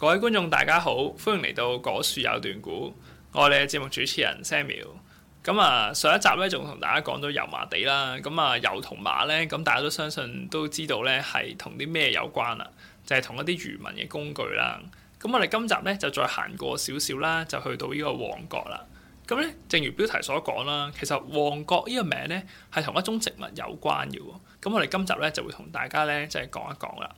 各位觀眾，大家好，歡迎嚟到果樹有段古，我哋嘅節目主持人 Samuel。咁啊，上一集咧，仲同大家講到油麻地啦。咁啊，油同麻咧，咁大家都相信都知道咧，係同啲咩有關啦？就係同一啲漁民嘅工具啦。咁我哋今集咧就再行過少少啦，就去到呢個旺角啦。咁咧，正如標題所講啦，其實旺角呢個名咧係同一種植物有關嘅。咁我哋今集咧就會同大家咧即係講一講啦。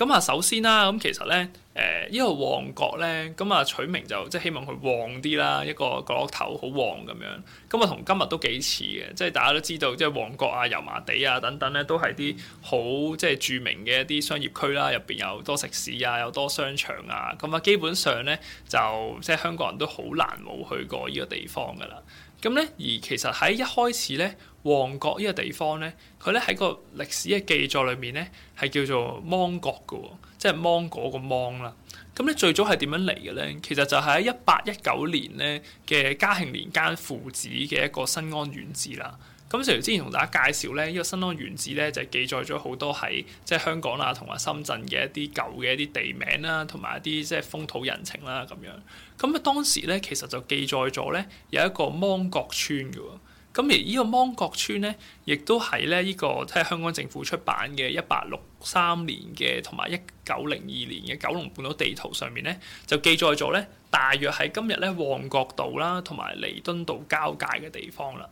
咁啊，首先啦，咁其實咧，誒，呢個旺角咧，咁啊，取名就即係希望佢旺啲啦，一個角落頭好旺咁樣。咁啊，同今日都幾似嘅，即係大家都知道，即係旺角啊、油麻地啊等等咧，都係啲好即係著名嘅一啲商業區啦，入邊有多食肆啊，有多商場啊，咁啊，基本上咧就即係香港人都好難冇去過呢個地方噶啦。咁咧，而其實喺一開始咧，旺角呢個地方咧，佢咧喺個歷史嘅記載裏面咧，係叫做芒角嘅，哦，即係芒果個芒啦。咁咧最早係點樣嚟嘅咧？其實就係喺一八一九年咧嘅嘉慶年間父子嘅一個《新安縣志》啦。咁其實之前同大家介紹咧，依、這個新呢《新安縣志》咧就是、記載咗好多喺即係香港啦，同埋深圳嘅一啲舊嘅一啲地名啦，同埋一啲即係風土人情啦咁樣。咁啊當時咧，其實就記載咗咧有一個芒角村嘅喎。咁而呢個芒角村咧，亦都係咧依個即係香港政府出版嘅一八六三年嘅同埋一九零二年嘅九龍半島地圖上面咧，就記載咗咧大約喺今日咧旺角道啦同埋彌敦道交界嘅地方啦。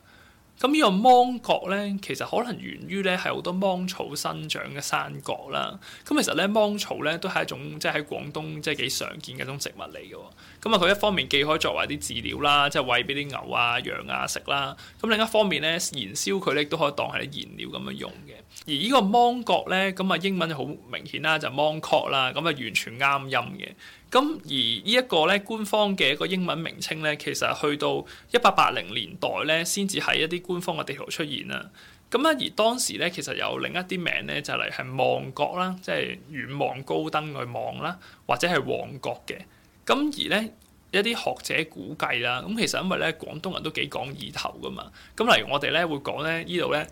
咁呢個芒角咧，其實可能源於咧係好多芒草生長嘅山角啦。咁其實咧芒草咧都係一種即係喺廣東即係幾常見嘅一種植物嚟嘅、哦。咁啊佢一方面既可以作為啲飼料啦，即係餵俾啲牛啊、羊啊食啦。咁另一方面咧，燃燒佢咧都可以當係啲燃料咁樣用嘅。而呢個芒角咧，咁啊英文就好明顯啦，就芒角啦。咁啊完全啱音嘅。咁而呢一個咧官方嘅一個英文名稱咧，其實去到一八八零年代咧，先至喺一啲官方嘅地圖出現啦。咁咧而當時咧，其實有另一啲名咧，就嚟係望角啦，即係遠望高登、去望啦，或者係旺角嘅。咁而咧一啲學者估計啦，咁其實因為咧廣東人都幾講意頭㗎嘛，咁例如我哋咧會講咧呢度咧。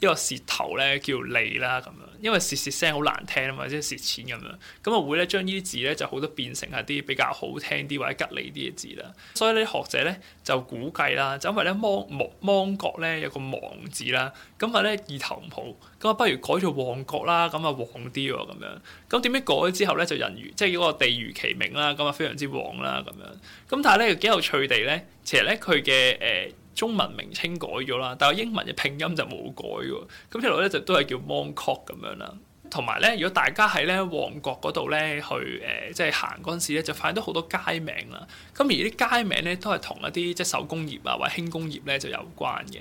一個舌頭咧叫脷啦咁樣，因為舌舌聲好難聽啊嘛，即係蝕錢咁樣，咁啊會咧將呢啲字咧就好多變成係啲比較好聽啲或者吉利啲嘅字啦。所以呢學者咧就估計啦，就因為咧芒芒角咧有個芒字啦，咁啊咧意頭唔好，咁啊不如改做旺角啦，咁啊旺啲喎咁樣。咁點解改咗之後咧就人如即係嗰個地如其名啦，咁啊非常之旺啦咁樣。咁但係咧幾有趣地咧，其實咧佢嘅誒。中文名稱改咗啦，但係英文嘅拼音就冇改喎。咁一路咧就都係叫 Mong Kok 咁樣啦。同埋咧，如果大家喺咧旺角嗰度咧去誒、呃，即係行嗰陣時咧，就發現到好多街名啦。咁而啲街名咧都係同一啲即係手工業啊或者輕工業咧就有關嘅。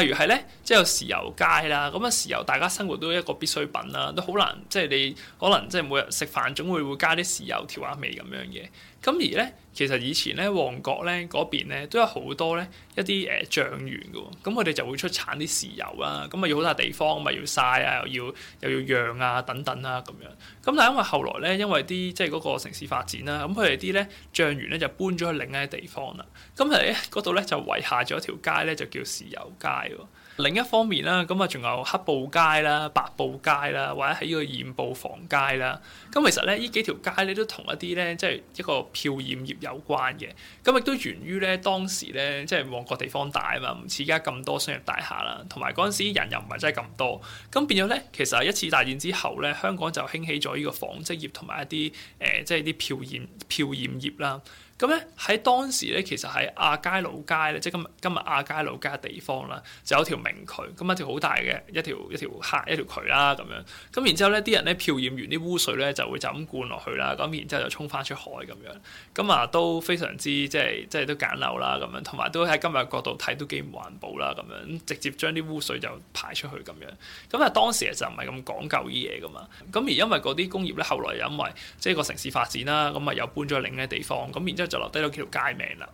例如係咧，即係有豉油街啦。咁啊，豉油大家生活都一個必需品啦，都好難即係你可能即係每日食飯總會會加啲豉油調下味咁樣嘅。咁而咧，其實以前咧，旺角咧嗰邊咧都有好多咧一啲誒、呃、醬園嘅喎，咁佢哋就會出產啲豉油啊，咁啊要好大地方，咁啊要曬啊，又要又要晾啊等等啊。咁樣。咁但係因為後來咧，因為啲即係嗰個城市發展啦，咁佢哋啲咧醬園咧就搬咗去另一啲地方啦。咁係咧嗰度咧就圍下咗一條街咧就叫豉油街喎。另一方面啦，咁啊仲有黑布街啦、白布街啦，或者喺呢個染布房街啦。咁其實咧呢幾條街咧都同一啲咧即係一個。漂染業有關嘅，咁亦都源於咧當時咧，即係旺角地方大啊嘛，唔似而家咁多商業大廈啦，同埋嗰陣時人又唔係真係咁多，咁變咗咧，其實一次大戰之後咧，香港就興起咗呢個紡織業同埋一啲誒、呃，即係啲漂染漂染業啦。咁咧喺當時咧，其實喺亞皆老街咧，即係今日今日亞皆老街嘅地方啦，就有條明渠，咁一條好大嘅一條一條下一,一條渠啦咁樣。咁然之後咧，啲人咧漂染完啲污水咧，就會就咁灌落去啦，咁然之後就沖翻出海咁樣。咁啊、嗯、都非常之即係即係都簡陋啦咁樣，同埋都喺今日角度睇都幾唔環保啦咁樣，直接將啲污水就排出去咁樣。咁啊當時就唔係咁講究啲嘢噶嘛。咁而因為嗰啲工業咧，後來又因為即係個城市發展啦，咁啊又搬咗去另一地方，咁然之後就留低咗幾條街名啦。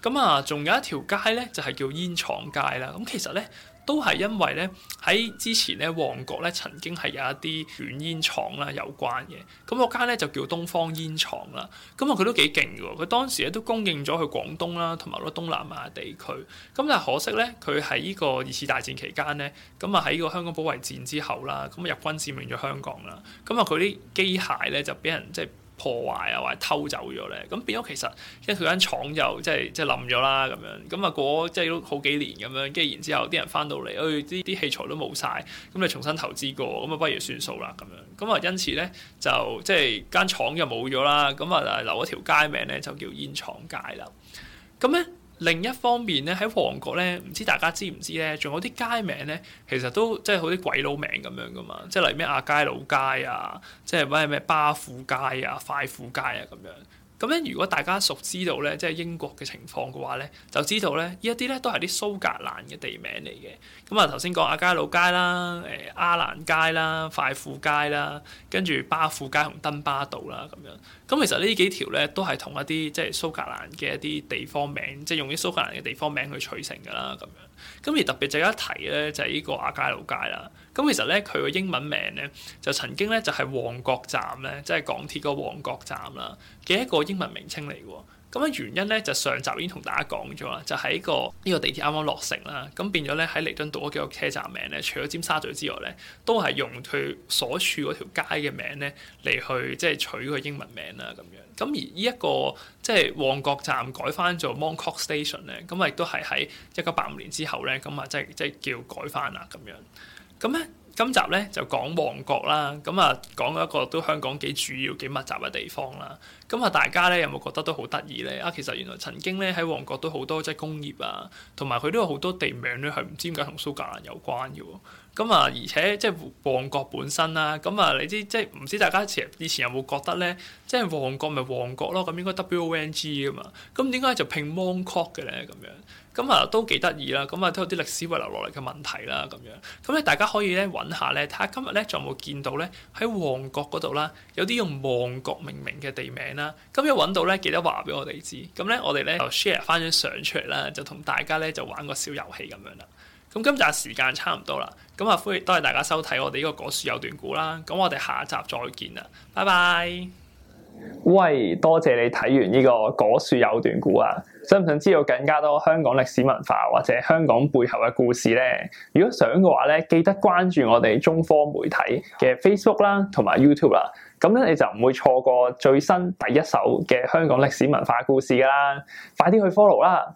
咁啊仲有一條街咧，就係、是、叫煙廠街啦。咁其實咧。都係因為咧，喺之前咧，旺角咧，曾經係有一啲捲煙廠啦有關嘅，咁嗰間咧就叫東方煙廠啦。咁啊佢都幾勁嘅，佢當時咧都供應咗去廣東啦，同埋好多東南亞地區。咁但係可惜咧，佢喺呢個二次大戰期間咧，咁啊喺呢個香港保衞戰之後啦，咁啊日軍佔領咗香港啦，咁啊佢啲機械咧就俾人即係。破壞啊，或者偷走咗咧，咁變咗其實，因為佢間廠又即係即係冧咗啦，咁樣咁啊過即係都好幾年咁樣，跟住然之後啲人翻到嚟，哎，啲啲器材都冇晒。咁你重新投資過，咁啊不如算數啦咁樣，咁啊因此咧就即係間廠又冇咗啦，咁啊留一條街名咧就叫煙廠街啦，咁咧。另一方面咧，喺旺角咧，唔知大家知唔知咧，仲有啲街名咧，其實都即係好啲鬼佬名咁樣㗎嘛，即係例如咩亞皆老街啊，即係咩咩巴富街啊、快富街啊咁樣。咁咧，如果大家熟知道咧，即係英國嘅情況嘅話咧，就知道咧，呢一啲咧都係啲蘇格蘭嘅地名嚟嘅。咁、嗯、啊，頭先講阿加老街啦、誒、呃、阿蘭街啦、快富街啦，跟住巴富街同登巴道啦咁樣。咁、嗯、其實呢幾條咧都係同一啲即係蘇格蘭嘅一啲地方名，即係用於蘇格蘭嘅地方名去取成㗎啦咁樣。咁而特別值得一提咧，就係、是、呢個亞皆老街啦。咁、嗯、其實咧，佢個英文名咧，就曾經咧就係、是、旺角站咧，即係港鐵個旺角站啦，嘅一個英文名稱嚟㗎喎。咁樣原因咧就是、上集已經同大家講咗啦，就喺、是、個呢、呢個地鐵啱啱落成啦，咁變咗咧喺彌敦道嗰幾個車站名咧，除咗尖沙咀之外咧，都係用佢所處嗰條街嘅名咧嚟去即係取個英文名啦咁樣。咁而呢、呢、一個即係旺角站改翻做 Mongkok Station 咧，咁啊亦都係喺一九八五年之後咧，咁啊即係即係叫改翻啦咁樣。咁咧、嗯，今集咧就講旺角啦。咁、嗯、啊，講一個都香港幾主要、幾密集嘅地方啦。咁、嗯、啊，大家咧有冇覺得都好得意咧？啊，其實原來曾經咧喺旺角都好多即係工業啊，同埋佢都有好多地名咧係唔知點解同蘇格蘭有關嘅、啊。咁、嗯、啊，而且即係旺角本身啦、啊。咁、嗯、啊，你知即係唔知大家以前，以前有冇覺得咧，即係旺角咪旺角咯？咁應該 W O N G 㗎嘛。咁點解就拼 Mong Kok 嘅咧？咁樣？咁啊、嗯，都幾得意啦！咁、嗯、啊，都有啲歷史遺留落嚟嘅問題啦，咁樣。咁咧，大家可以咧揾下咧，睇下今日咧仲有冇見到咧喺旺角嗰度啦，有啲用旺角命名嘅地名啦。今日揾到咧，記得話俾我哋知。咁咧，我哋咧就 share 翻張相出嚟啦，就同大家咧就玩個小遊戲咁樣啦。咁今集時間差唔多啦，咁啊，歡迎多謝大家收睇我哋呢、呢個果樹有段故啦。咁我哋下一集再見啦，拜拜。喂，多謝你睇完呢、這個果樹有段古啊！想唔想知道更加多香港歷史文化或者香港背後嘅故事呢？如果想嘅話咧，記得關注我哋中科媒體嘅 Facebook 啦，同埋 YouTube 啦。咁咧你就唔會錯過最新第一手嘅香港歷史文化故事噶啦！快啲去 follow 啦！